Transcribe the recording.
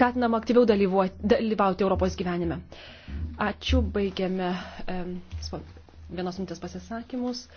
skatinama aktyviau dalyvauti Europos gyvenime. Ačiū, baigiame vienos mintis pasisakymus.